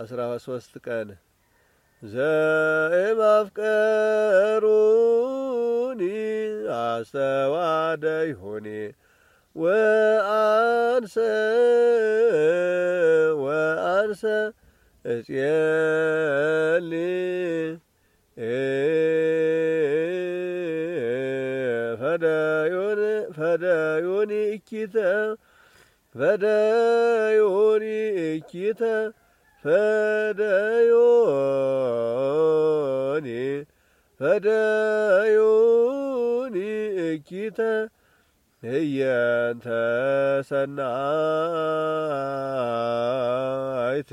አስራ ሶስት ቀን ዘእማፍቀሩኒ አስተዋደ ይሁኒ ወአንሰ ወአንሰ እጽየሊ ፈዳዮኒ እኪተ ፈዳዮኒ እኪተ ፈደዮኒ ፈደዮኒ እኪተ እየንተ ሰናይት